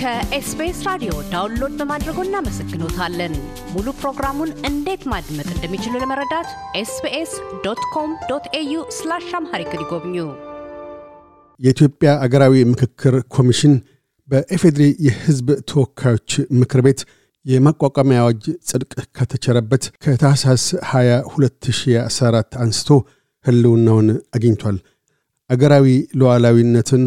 ከኤስቢኤስ ራዲዮ ዳውንሎድ በማድረጎ እናመሰግኖታለን። ሙሉ ፕሮግራሙን እንዴት ማድመጥ እንደሚችሉ ለመረዳት ኤስቢኤስ ዶት ኮም ዶት ኤዩ ስላሽ አምሃሪክ ይጎብኙ። የኢትዮጵያ አገራዊ ምክክር ኮሚሽን በኤፌድሪ የሕዝብ ተወካዮች ምክር ቤት የማቋቋሚያ አዋጅ ጽድቅ ከተቸረበት ከታህሳስ 22 2014 አንስቶ ህልውናውን አግኝቷል። አገራዊ ሉዓላዊነትን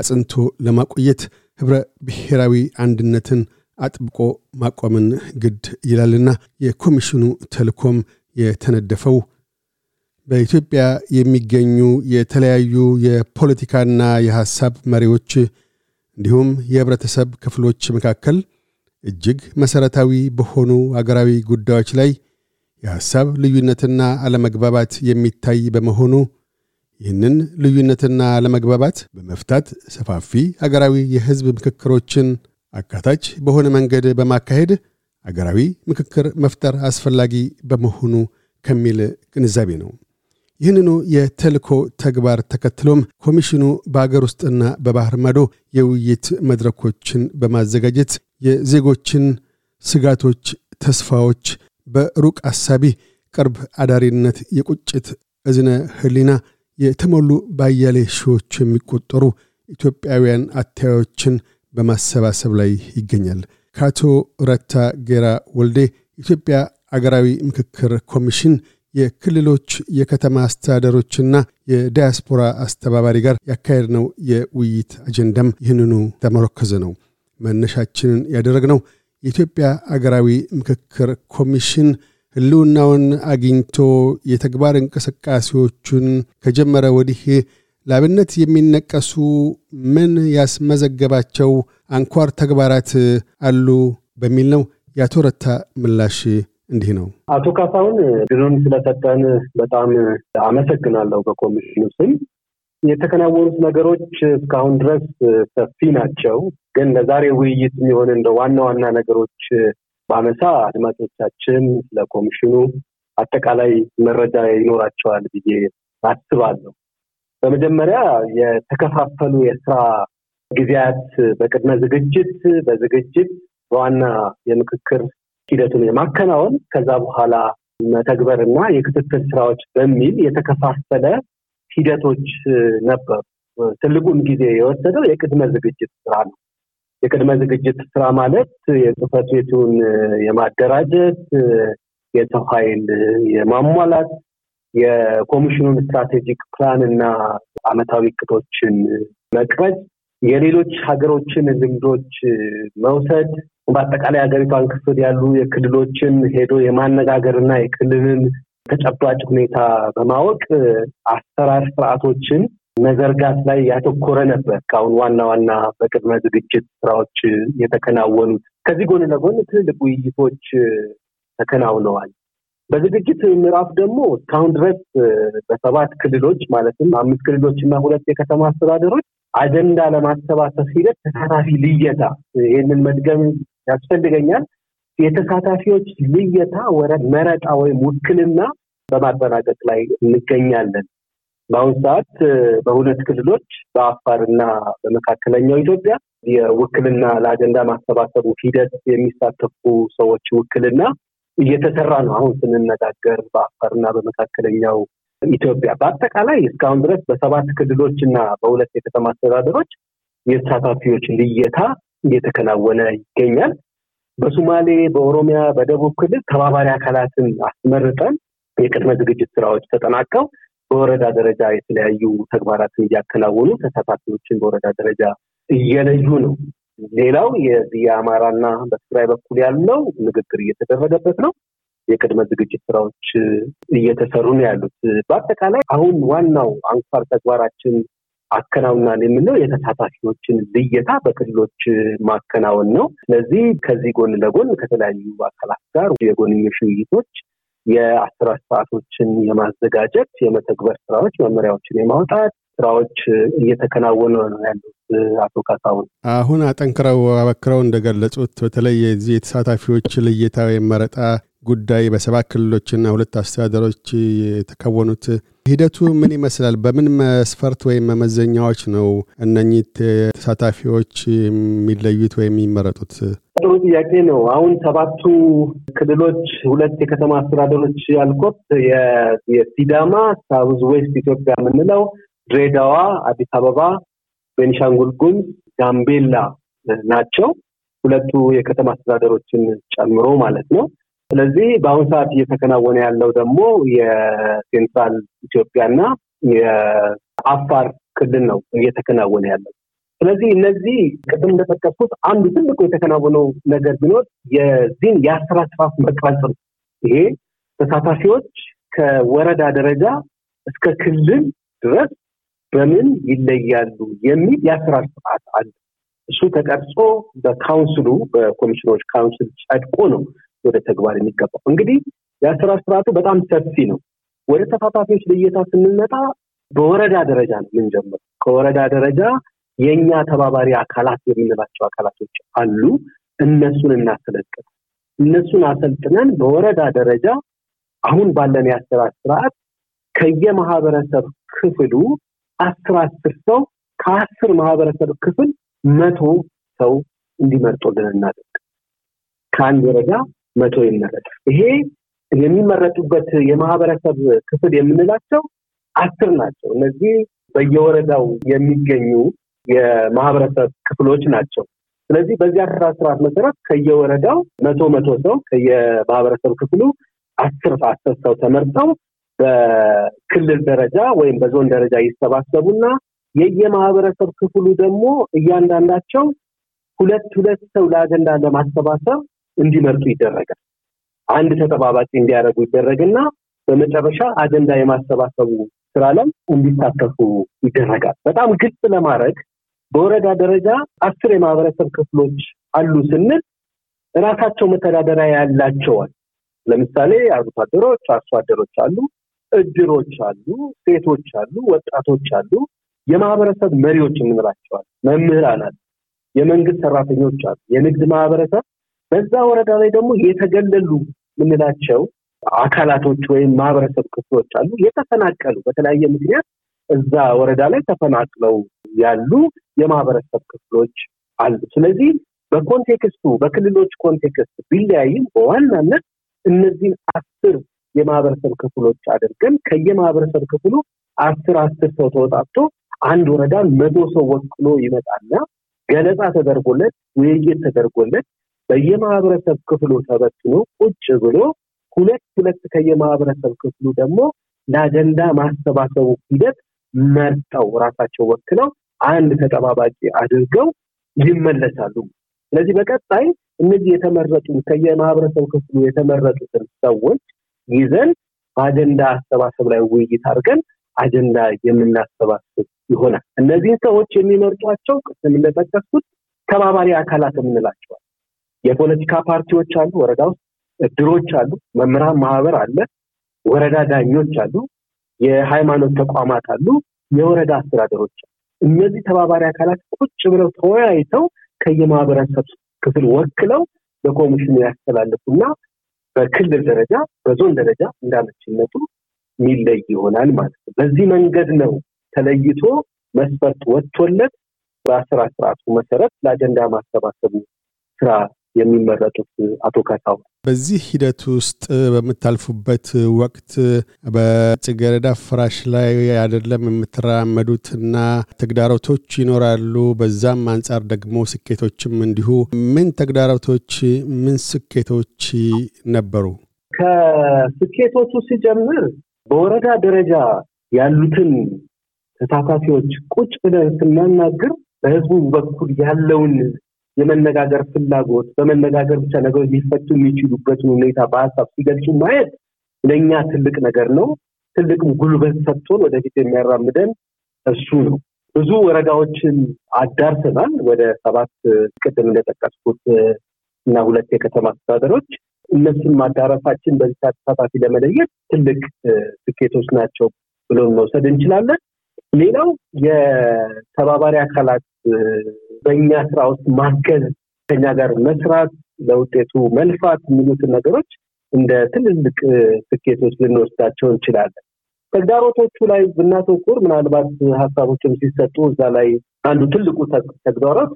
አጽንቶ ለማቆየት ኅብረ ብሔራዊ አንድነትን አጥብቆ ማቆምን ግድ ይላልና የኮሚሽኑ ተልኮም የተነደፈው በኢትዮጵያ የሚገኙ የተለያዩ የፖለቲካና የሐሳብ መሪዎች እንዲሁም የህብረተሰብ ክፍሎች መካከል እጅግ መሠረታዊ በሆኑ አገራዊ ጉዳዮች ላይ የሐሳብ ልዩነትና አለመግባባት የሚታይ በመሆኑ ይህንን ልዩነትና ለመግባባት በመፍታት ሰፋፊ አገራዊ የህዝብ ምክክሮችን አካታች በሆነ መንገድ በማካሄድ አገራዊ ምክክር መፍጠር አስፈላጊ በመሆኑ ከሚል ግንዛቤ ነው። ይህንኑ የተልኮ ተግባር ተከትሎም ኮሚሽኑ በአገር ውስጥና በባህር ማዶ የውይይት መድረኮችን በማዘጋጀት የዜጎችን ስጋቶች፣ ተስፋዎች በሩቅ አሳቢ ቅርብ አዳሪነት የቁጭት እዝነ ህሊና የተሞሉ ባያሌ ሺዎች የሚቆጠሩ ኢትዮጵያውያን አታዮችን በማሰባሰብ ላይ ይገኛል። ከአቶ ረታ ጌራ ወልዴ ኢትዮጵያ አገራዊ ምክክር ኮሚሽን የክልሎች የከተማ አስተዳደሮችና የዲያስፖራ አስተባባሪ ጋር ነው የውይይት አጀንዳም ይህንኑ ተመረከዘ ነው። መነሻችንን ያደረግነው የኢትዮጵያ አገራዊ ምክክር ኮሚሽን ህልውናውን አግኝቶ የተግባር እንቅስቃሴዎቹን ከጀመረ ወዲህ ለአብነት የሚነቀሱ ምን ያስመዘገባቸው አንኳር ተግባራት አሉ በሚል ነው። የአቶ ረታ ምላሽ እንዲህ ነው። አቶ ካሳሁን ድሉን ስለሰጠን በጣም አመሰግናለሁ። በኮሚሽኑ ስም የተከናወኑት ነገሮች እስካሁን ድረስ ሰፊ ናቸው። ግን ለዛሬ ውይይት የሚሆን እንደ ዋና ዋና ነገሮች በአመሳ አድማጮቻችን ስለ ኮሚሽኑ አጠቃላይ መረጃ ይኖራቸዋል ብዬ አስባለሁ። በመጀመሪያ የተከፋፈሉ የስራ ጊዜያት በቅድመ ዝግጅት፣ በዝግጅት፣ በዋና የምክክር ሂደቱን የማከናወን ከዛ በኋላ መተግበር እና የክትትል ስራዎች በሚል የተከፋፈለ ሂደቶች ነበሩ። ትልቁን ጊዜ የወሰደው የቅድመ ዝግጅት ስራ ነው። የቅድመ ዝግጅት ስራ ማለት የጽህፈት ቤቱን የማደራጀት፣ የሰው ኃይል የማሟላት፣ የኮሚሽኑን ስትራቴጂክ ፕላን እና አመታዊ እቅዶችን መቅረጽ፣ የሌሎች ሀገሮችን ልምዶች መውሰድ፣ በአጠቃላይ ሀገሪቷን ክፍል ያሉ የክልሎችን ሄዶ የማነጋገር እና የክልልን ተጨባጭ ሁኔታ በማወቅ አሰራር ስርዓቶችን መዘርጋት ላይ ያተኮረ ነበር። እስካሁን ዋና ዋና በቅድመ ዝግጅት ስራዎች የተከናወኑት ከዚህ ጎን ለጎን ትልልቅ ውይይቶች ተከናውነዋል። በዝግጅት ምዕራፍ ደግሞ እስካሁን ድረስ በሰባት ክልሎች ማለትም አምስት ክልሎች እና ሁለት የከተማ አስተዳደሮች አጀንዳ ለማሰባሰብ ሂደት ተሳታፊ ልየታ፣ ይህንን መድገም ያስፈልገኛል። የተሳታፊዎች ልየታ ወረ መረጣ ወይም ውክልና በማጠናቀቅ ላይ እንገኛለን። በአሁኑ ሰዓት በሁለት ክልሎች በአፋርና በመካከለኛው ኢትዮጵያ የውክልና ለአጀንዳ ማሰባሰቡ ሂደት የሚሳተፉ ሰዎች ውክልና እየተሰራ ነው። አሁን ስንነጋገር በአፋርና በመካከለኛው ኢትዮጵያ በአጠቃላይ እስካሁን ድረስ በሰባት ክልሎች እና በሁለት የከተማ አስተዳደሮች የተሳታፊዎች ልየታ እየተከናወነ ይገኛል። በሶማሌ፣ በኦሮሚያ፣ በደቡብ ክልል ተባባሪ አካላትን አስመርጠን የቅድመ ዝግጅት ስራዎች ተጠናቀው በወረዳ ደረጃ የተለያዩ ተግባራትን እያከናወኑ ተሳታፊዎችን በወረዳ ደረጃ እየለዩ ነው። ሌላው የዚህ የአማራና በትግራይ በኩል ያለው ንግግር እየተደረገበት ነው። የቅድመ ዝግጅት ስራዎች እየተሰሩ ነው ያሉት። በአጠቃላይ አሁን ዋናው አንኳር ተግባራችን አከናውናል የምንለው የተሳታፊዎችን ልየታ በክልሎች ማከናወን ነው። ስለዚህ ከዚህ ጎን ለጎን ከተለያዩ አካላት ጋር የጎንኞሽ ውይይቶች የአስራ ስርዓቶችን የማዘጋጀት የመተግበር ስራዎች መመሪያዎችን የማውጣት ስራዎች እየተከናወኑ ነው ያሉት አቶ ካሳሁን። አሁን አጠንክረው አበክረው እንደገለጹት በተለይ የዚህ የተሳታፊዎች ልየታ ወይም መረጣ ጉዳይ በሰባት ክልሎችና ሁለት አስተዳደሮች የተከወኑት ሂደቱ ምን ይመስላል? በምን መስፈርት ወይም መመዘኛዎች ነው እነኚህ ተሳታፊዎች የሚለዩት ወይም የሚመረጡት? ጥሩ ጥያቄ ነው። አሁን ሰባቱ ክልሎች ሁለት የከተማ አስተዳደሮች ያልኩት የሲዳማ ሳውዝ ዌስት ኢትዮጵያ የምንለው፣ ድሬዳዋ፣ አዲስ አበባ፣ ቤኒሻንጉል ጉሙዝ፣ ጋምቤላ ናቸው። ሁለቱ የከተማ አስተዳደሮችን ጨምሮ ማለት ነው። ስለዚህ በአሁኑ ሰዓት እየተከናወነ ያለው ደግሞ የሴንትራል ኢትዮጵያና የአፋር ክልል ነው እየተከናወነ ያለው። ስለዚህ እነዚህ ቅድም እንደጠቀስኩት አንዱ ትልቁ የተከናወነው ነገር ቢኖር የዚህን የአሰራ ስርዓት መቅረጽ ነው። ይሄ ተሳታፊዎች ከወረዳ ደረጃ እስከ ክልል ድረስ በምን ይለያሉ የሚል የአሰራር ስርዓት አለ። እሱ ተቀርጾ በካውንስሉ በኮሚሽኖች ካውንስል ጸድቆ ነው ወደ ተግባር የሚገባው። እንግዲህ የአሰራር ስርዓቱ በጣም ሰፊ ነው። ወደ ተሳታፊዎች ልየታ ስንመጣ በወረዳ ደረጃ ነው የምንጀምር። ከወረዳ ደረጃ የእኛ ተባባሪ አካላት የምንላቸው አካላቶች አሉ። እነሱን እናሰለጥን። እነሱን አሰልጥነን በወረዳ ደረጃ አሁን ባለን የአሰራር ስርዓት ከየማህበረሰብ ክፍሉ አስር አስር ሰው ከአስር ማህበረሰብ ክፍል መቶ ሰው እንዲመርጡልን እናደርግ ከአንድ ወረዳ መቶ ይመረጣል። ይሄ የሚመረጡበት የማህበረሰብ ክፍል የምንላቸው አስር ናቸው። እነዚህ በየወረዳው የሚገኙ የማህበረሰብ ክፍሎች ናቸው። ስለዚህ በዚህ አስራ ስርዓት መሰረት ከየወረዳው መቶ መቶ ሰው ከየማህበረሰብ ክፍሉ አስር አስር ሰው ተመርጠው በክልል ደረጃ ወይም በዞን ደረጃ ይሰባሰቡና የየማህበረሰብ ክፍሉ ደግሞ እያንዳንዳቸው ሁለት ሁለት ሰው ለአጀንዳ ለማሰባሰብ እንዲመርጡ ይደረጋል። አንድ ተጠባባቂ እንዲያደርጉ ይደረግና በመጨረሻ አጀንዳ የማሰባሰቡ ስራ ላይ እንዲሳተፉ ይደረጋል። በጣም ግልጽ ለማድረግ በወረዳ ደረጃ አስር የማህበረሰብ ክፍሎች አሉ ስንል እራሳቸው መተዳደሪያ ያላቸዋል። ለምሳሌ አርብቶ አደሮች፣ አርሶ አደሮች አሉ፣ እድሮች አሉ፣ ሴቶች አሉ፣ ወጣቶች አሉ፣ የማህበረሰብ መሪዎች እንላቸዋል፣ መምህራን አሉ፣ የመንግስት ሰራተኞች አሉ፣ የንግድ ማህበረሰብ በዛ ወረዳ ላይ ደግሞ የተገለሉ የምንላቸው አካላቶች ወይም ማህበረሰብ ክፍሎች አሉ። የተፈናቀሉ በተለያየ ምክንያት እዛ ወረዳ ላይ ተፈናቅለው ያሉ የማህበረሰብ ክፍሎች አሉ። ስለዚህ በኮንቴክስቱ በክልሎች ኮንቴክስት ቢለያይም በዋናነት እነዚህን አስር የማህበረሰብ ክፍሎች አድርገን ከየማህበረሰብ ክፍሉ አስር አስር ሰው ተወጣቶ አንድ ወረዳ መቶ ሰው ወክሎ ይመጣና ገለጻ ተደርጎለት ውይይት ተደርጎለት በየማህበረሰብ ክፍሉ ተበትኖ ቁጭ ብሎ ሁለት ሁለት ከየማህበረሰብ ክፍሉ ደግሞ ለአጀንዳ ማሰባሰቡ ሂደት መርጠው ራሳቸው ወክለው አንድ ተጠባባቂ አድርገው ይመለሳሉ። ስለዚህ በቀጣይ እነዚህ የተመረጡ ከየማህበረሰብ ክፍሉ የተመረጡትን ሰዎች ይዘን በአጀንዳ አሰባሰብ ላይ ውይይት አድርገን አጀንዳ የምናሰባስብ ይሆናል። እነዚህን ሰዎች የሚመርጧቸው ቅድም እንደጠቀስኩት ተባባሪ አካላት የምንላቸዋል። የፖለቲካ ፓርቲዎች አሉ፣ ወረዳ ውስጥ እድሮች አሉ፣ መምህራን ማህበር አለ፣ ወረዳ ዳኞች አሉ፣ የሃይማኖት ተቋማት አሉ፣ የወረዳ አስተዳደሮች አሉ። እነዚህ ተባባሪ አካላት ቁጭ ብለው ተወያይተው ከየማህበረሰብ ክፍል ወክለው ለኮሚሽኑ ያስተላልፉና በክልል ደረጃ በዞን ደረጃ እንዳመችነቱ የሚለይ ይሆናል ማለት ነው። በዚህ መንገድ ነው ተለይቶ መስፈርት ወጥቶለት በአስራ ስርዓቱ መሰረት ለአጀንዳ ማሰባሰቡ ስራ የሚመረጡት አቶ ካሳው። በዚህ ሂደት ውስጥ በምታልፉበት ወቅት በጽጌረዳ ፍራሽ ላይ አይደለም የምትራመዱትና ተግዳሮቶች ይኖራሉ። በዛም አንጻር ደግሞ ስኬቶችም እንዲሁ። ምን ተግዳሮቶች፣ ምን ስኬቶች ነበሩ? ከስኬቶቹ ሲጀምር በወረዳ ደረጃ ያሉትን ተሳታፊዎች ቁጭ ብለን ስናናግር በህዝቡ በኩል ያለውን የመነጋገር ፍላጎት በመነጋገር ብቻ ነገሮች ሊፈቱ የሚችሉበትን ሁኔታ በሀሳብ ሲገልጹ ማየት ለእኛ ትልቅ ነገር ነው። ትልቅም ጉልበት ሰጥቶን ወደፊት የሚያራምደን እሱ ነው። ብዙ ወረዳዎችን አዳርሰናል። ወደ ሰባት ቅድም እንደጠቀስኩት እና ሁለት የከተማ አስተዳደሮች እነሱን ማዳረሳችን በዚህ ተሳታፊ ለመለየት ትልቅ ስኬቶች ናቸው ብሎን መውሰድ እንችላለን። ሌላው የተባባሪ አካላት በእኛ ስራ ውስጥ ማገዝ፣ ከኛ ጋር መስራት፣ ለውጤቱ መልፋት የሚሉትን ነገሮች እንደ ትልልቅ ስኬቶች ልንወስዳቸው እንችላለን። ተግዳሮቶቹ ላይ ብናተኩር ምናልባት ሀሳቦችም ሲሰጡ እዛ ላይ አንዱ ትልቁ ተግዳሮት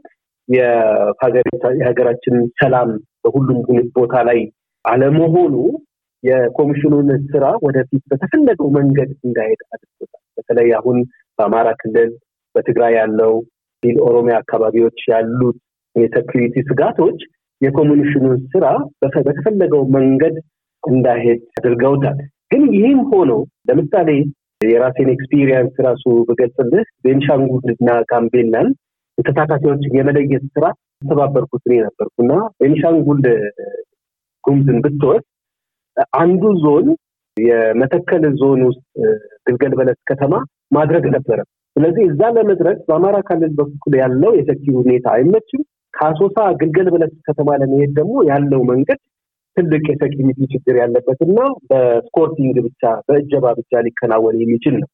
የሀገራችን ሰላም በሁሉም ቦታ ላይ አለመሆኑ የኮሚሽኑን ስራ ወደፊት በተፈለገው መንገድ እንዳሄድ አድርጎታል። በተለይ አሁን በአማራ ክልል በትግራይ ያለው ኦሮሚያ አካባቢዎች ያሉት የሴኩሪቲ ስጋቶች የኮሚኒሽኑን ስራ በተፈለገው መንገድ እንዳይሄድ አድርገውታል። ግን ይህም ሆኖ ለምሳሌ የራሴን ኤክስፒሪየንስ ራሱ ብገልጽልህ ቤንሻንጉልና ጋምቤላን ተሳታፊዎችን የመለየት ስራ ተባበርኩት እኔ ነበርኩ እና ቤንሻንጉል ጉምዝን ብትወስድ አንዱ ዞን የመተከል ዞን ውስጥ ግልገል በለስ ከተማ ማድረግ ነበረ ስለዚህ እዛ ለመድረግ በአማራ ክልል በኩል ያለው የሰኪ ሁኔታ አይመችም። ከአሶሳ ግልገል በለስ ከተማ ለመሄድ ደግሞ ያለው መንገድ ትልቅ የሴኪሪቲ ችግር ያለበት እና በስኮርቲንግ ብቻ በእጀባ ብቻ ሊከናወን የሚችል ነው።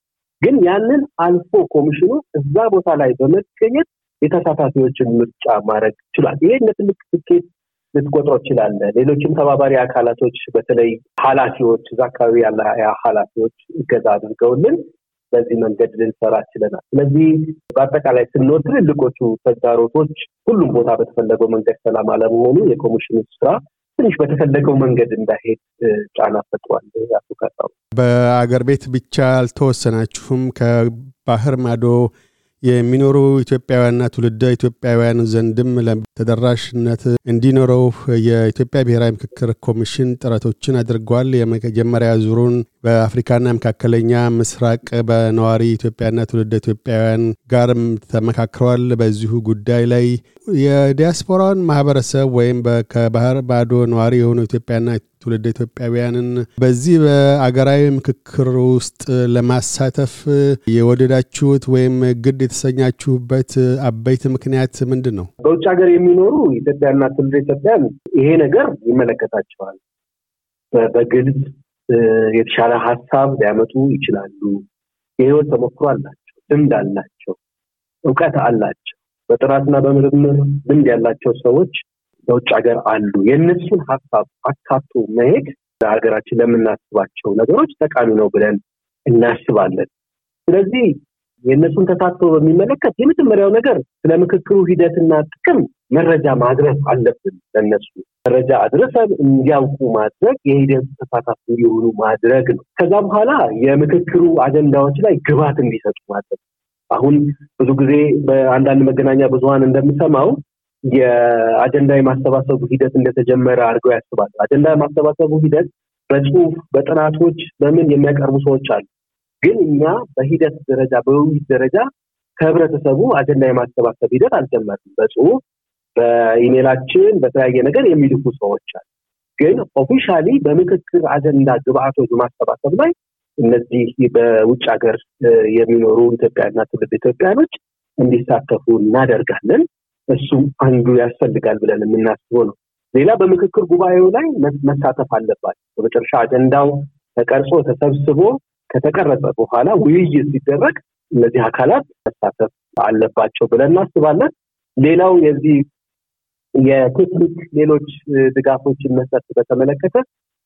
ግን ያንን አልፎ ኮሚሽኑ እዛ ቦታ ላይ በመገኘት የተሳታፊዎችን ምርጫ ማድረግ ችሏል። ይሄ እንደ ትልቅ ስኬት ልትቆጥሮ ይችላለ። ሌሎችም ተባባሪ አካላቶች በተለይ ኃላፊዎች እዛ አካባቢ ያለ ኃላፊዎች እገዛ አድርገውልን በዚህ መንገድ ልንሰራ ችለናል። ስለዚህ በአጠቃላይ ስንወድ ትልልቆቹ ተግዳሮቶች ሁሉም ቦታ በተፈለገው መንገድ ሰላም አለመሆኑ የኮሚሽኑ ስራ ትንሽ በተፈለገው መንገድ እንዳይሄድ ጫና ፈጥሯል። አቶ በአገር ቤት ብቻ አልተወሰናችሁም ከባህር ማዶ የሚኖሩ ኢትዮጵያውያንና ትውልደ ኢትዮጵያውያን ዘንድም ተደራሽነት እንዲኖረው የኢትዮጵያ ብሔራዊ ምክክር ኮሚሽን ጥረቶችን አድርጓል። የመጀመሪያ ዙሩን በአፍሪካና መካከለኛ ምስራቅ በነዋሪ ኢትዮጵያና ትውልደ ኢትዮጵያውያን ጋርም ተመካክረዋል። በዚሁ ጉዳይ ላይ የዲያስፖራውን ማህበረሰብ ወይም ከባህር ባዶ ነዋሪ የሆኑ ኢትዮጵያና ትውልድ ኢትዮጵያውያንን በዚህ በአገራዊ ምክክር ውስጥ ለማሳተፍ የወደዳችሁት ወይም ግድ የተሰኛችሁበት አበይት ምክንያት ምንድን ነው? በውጭ ሀገር የሚኖሩ ኢትዮጵያና ትውልደ ኢትዮጵያን ይሄ ነገር ይመለከታቸዋል። በግልጽ የተሻለ ሀሳብ ሊያመጡ ይችላሉ። የህይወት ተሞክሮ አላቸው፣ ልምድ አላቸው፣ እውቀት አላቸው። በጥራትና በምርምር ልምድ ያላቸው ሰዎች በውጭ ሀገር አሉ። የእነሱን ሀሳብ አካቶ መሄድ ለሀገራችን ለምናስባቸው ነገሮች ጠቃሚ ነው ብለን እናስባለን። ስለዚህ የእነሱን ተሳትፎ በሚመለከት የመጀመሪያው ነገር ስለ ምክክሩ ሂደትና ጥቅም መረጃ ማድረስ አለብን። ለነሱ መረጃ አድረሰን እንዲያውቁ ማድረግ፣ የሂደቱ ተሳታፊ እንዲሆኑ ማድረግ ነው። ከዛ በኋላ የምክክሩ አጀንዳዎች ላይ ግብዓት እንዲሰጡ ማድረግ አሁን ብዙ ጊዜ በአንዳንድ መገናኛ ብዙሀን እንደምሰማው የአጀንዳ የማሰባሰቡ ሂደት እንደተጀመረ አድርገው ያስባል። አጀንዳ የማሰባሰቡ ሂደት በጽሁፍ በጥናቶች በምን የሚያቀርቡ ሰዎች አሉ። ግን እኛ በሂደት ደረጃ በውይይት ደረጃ ከህብረተሰቡ አጀንዳ የማሰባሰብ ሂደት አልጀመርም። በጽሁፍ በኢሜላችን በተለያየ ነገር የሚልኩ ሰዎች አሉ። ግን ኦፊሻሊ በምክክር አጀንዳ ግብአቶች ማሰባሰብ ላይ እነዚህ በውጭ ሀገር የሚኖሩ ኢትዮጵያና ትውልድ ኢትዮጵያኖች እንዲሳተፉ እናደርጋለን። እሱም አንዱ ያስፈልጋል ብለን የምናስበው ነው። ሌላ በምክክር ጉባኤው ላይ መሳተፍ አለባቸው። በመጨረሻ አጀንዳው ተቀርጾ ተሰብስቦ ከተቀረጸ በኋላ ውይይት ሲደረግ እነዚህ አካላት መሳተፍ አለባቸው ብለን እናስባለን። ሌላው የዚህ የቴክኒክ ሌሎች ድጋፎችን መስጠት በተመለከተ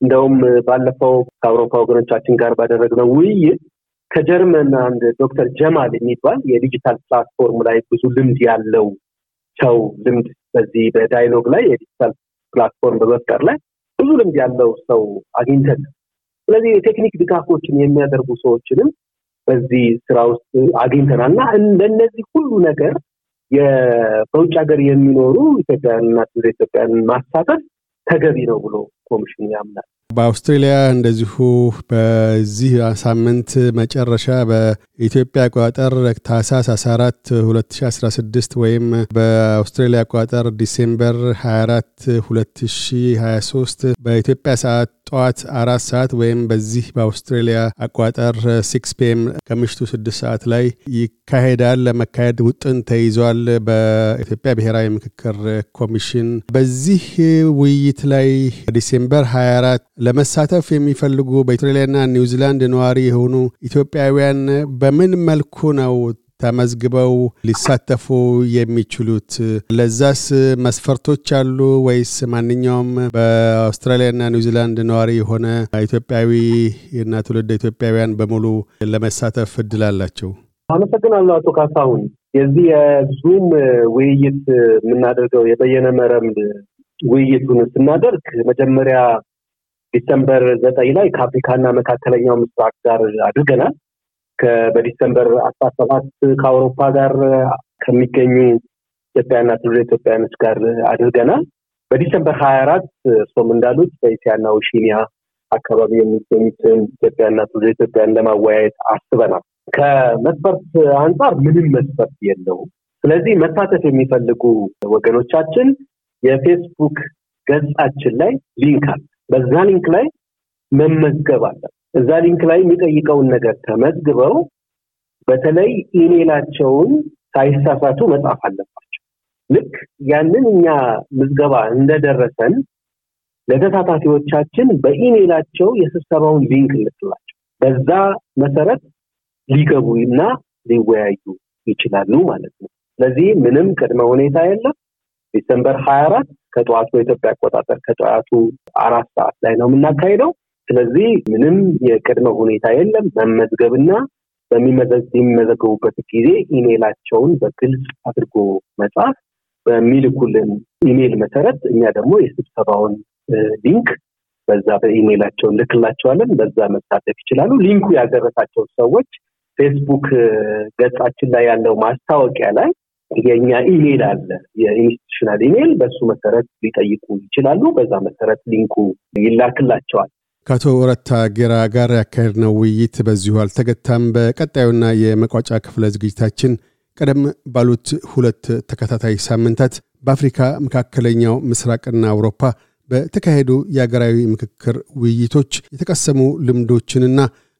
እንደውም ባለፈው ከአውሮፓ ወገኖቻችን ጋር ባደረግነው ውይይት ከጀርመን አንድ ዶክተር ጀማል የሚባል የዲጂታል ፕላትፎርም ላይ ብዙ ልምድ ያለው ሰው ልምድ በዚህ በዳይሎግ ላይ የዲጂታል ፕላትፎርም በመፍጠር ላይ ብዙ ልምድ ያለው ሰው አግኝተን ስለዚህ የቴክኒክ ድጋፎችን የሚያደርጉ ሰዎችንም በዚህ ስራ ውስጥ አግኝተናል እና ለእነዚህ ሁሉ ነገር በውጭ ሀገር የሚኖሩ ኢትዮጵያንና ኢትዮጵያን ኢትዮጵያውያን ማሳተፍ ተገቢ ነው ብሎ ኮሚሽኑ ያምናል። በአውስትሬሊያ እንደዚሁ በዚህ ሳምንት መጨረሻ በኢትዮጵያ አቆጣጠር ታህሳስ 14 2016 ወይም በአውስትሬሊያ አቆጣጠር ዲሴምበር 24 2023 በኢትዮጵያ ሰዓት ጠዋት አራት ሰዓት ወይም በዚህ በአውስትራሊያ አቋጠር ሲክስ ፒኤም ከምሽቱ ስድስት ሰዓት ላይ ይካሄዳል። ለመካሄድ ውጥን ተይዟል በኢትዮጵያ ብሔራዊ ምክክር ኮሚሽን። በዚህ ውይይት ላይ ዲሴምበር 24 ለመሳተፍ የሚፈልጉ በአውስትራሊያና ኒውዚላንድ ነዋሪ የሆኑ ኢትዮጵያውያን በምን መልኩ ነው ተመዝግበው ሊሳተፉ የሚችሉት? ለዛስ መስፈርቶች አሉ ወይስ ማንኛውም በአውስትራሊያና ኒውዚላንድ ነዋሪ የሆነ ኢትዮጵያዊ እና ትውልደ ኢትዮጵያውያን በሙሉ ለመሳተፍ እድል አላቸው? አመሰግናለሁ አቶ ካሳሁን። የዚህ የዙም ውይይት የምናደርገው የበየነ መረብ ውይይቱን ስናደርግ መጀመሪያ ዲሰምበር ዘጠኝ ላይ ከአፍሪካና መካከለኛው ምስራቅ ጋር አድርገናል። በዲሰምበር አስራ ሰባት ከአውሮፓ ጋር ከሚገኙ ኢትዮጵያና ትውልደ ኢትዮጵያኖች ጋር አድርገናል። በዲሰምበር ሀያ አራት እርስዎም እንዳሉት በኢሲያና ውሺኒያ አካባቢ የሚገኙትን ኢትዮጵያና ትውልደ ኢትዮጵያን ለማወያየት አስበናል። ከመስፈርት አንጻር ምንም መስፈርት የለውም። ስለዚህ መሳተፍ የሚፈልጉ ወገኖቻችን የፌስቡክ ገጻችን ላይ ሊንክ አለ። በዛ ሊንክ ላይ መመዝገብ አለ። እዛ ሊንክ ላይ የሚጠይቀውን ነገር ተመዝግበው በተለይ ኢሜላቸውን ሳይሳሳቱ መጻፍ አለባቸው። ልክ ያንን እኛ ምዝገባ እንደደረሰን ለተሳታፊዎቻችን በኢሜላቸው የስብሰባውን ሊንክ ልትላቸው በዛ መሰረት ሊገቡ እና ሊወያዩ ይችላሉ ማለት ነው። ስለዚህ ምንም ቅድመ ሁኔታ የለም። ዲሰምበር ሀያ አራት ከጠዋቱ በኢትዮጵያ አቆጣጠር ከጠዋቱ አራት ሰዓት ላይ ነው የምናካሄደው። ስለዚህ ምንም የቅድመ ሁኔታ የለም። መመዝገብና በሚመዘገቡበት ጊዜ ኢሜይላቸውን በግልጽ አድርጎ መጻፍ፣ በሚልኩልን ኢሜይል መሰረት እኛ ደግሞ የስብሰባውን ሊንክ በዛ በኢሜይላቸው እንልክላቸዋለን በዛ መሳተፍ ይችላሉ። ሊንኩ ያደረሳቸው ሰዎች ፌስቡክ ገጻችን ላይ ያለው ማስታወቂያ ላይ የእኛ ኢሜይል አለ፣ የኢንስቲቱሽናል ኢሜይል። በሱ መሰረት ሊጠይቁ ይችላሉ። በዛ መሰረት ሊንኩ ይላክላቸዋል። ከአቶ ወረታ ጌራ ጋር ያካሄድነው ውይይት በዚሁ አልተገታም። በቀጣዩና የመቋጫ ክፍለ ዝግጅታችን ቀደም ባሉት ሁለት ተከታታይ ሳምንታት በአፍሪካ መካከለኛው ምስራቅና አውሮፓ በተካሄዱ የአገራዊ ምክክር ውይይቶች የተቀሰሙ ልምዶችንና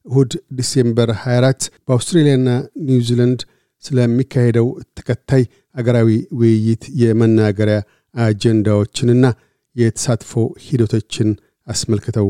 እሁድ ዲሴምበር 24 በአውስትሬልያና ኒውዚላንድ ስለሚካሄደው ተከታይ አገራዊ ውይይት የመናገሪያ አጀንዳዎችንና የተሳትፎ ሂደቶችን አስመልክተው